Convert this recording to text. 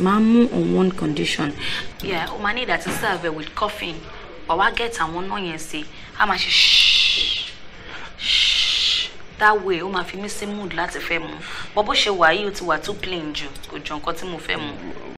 Mamu on one condition. Yeah, Omani that is served with coughing. But what gets and one no yẹn say, a máa ṣe shh shh. That way, ó máa fi mí sí mood láti fẹ́ mu. But bó ṣe wà yìí ó ti wà too plain jù, kò jọ nǹkan tí mo fẹ́ mu.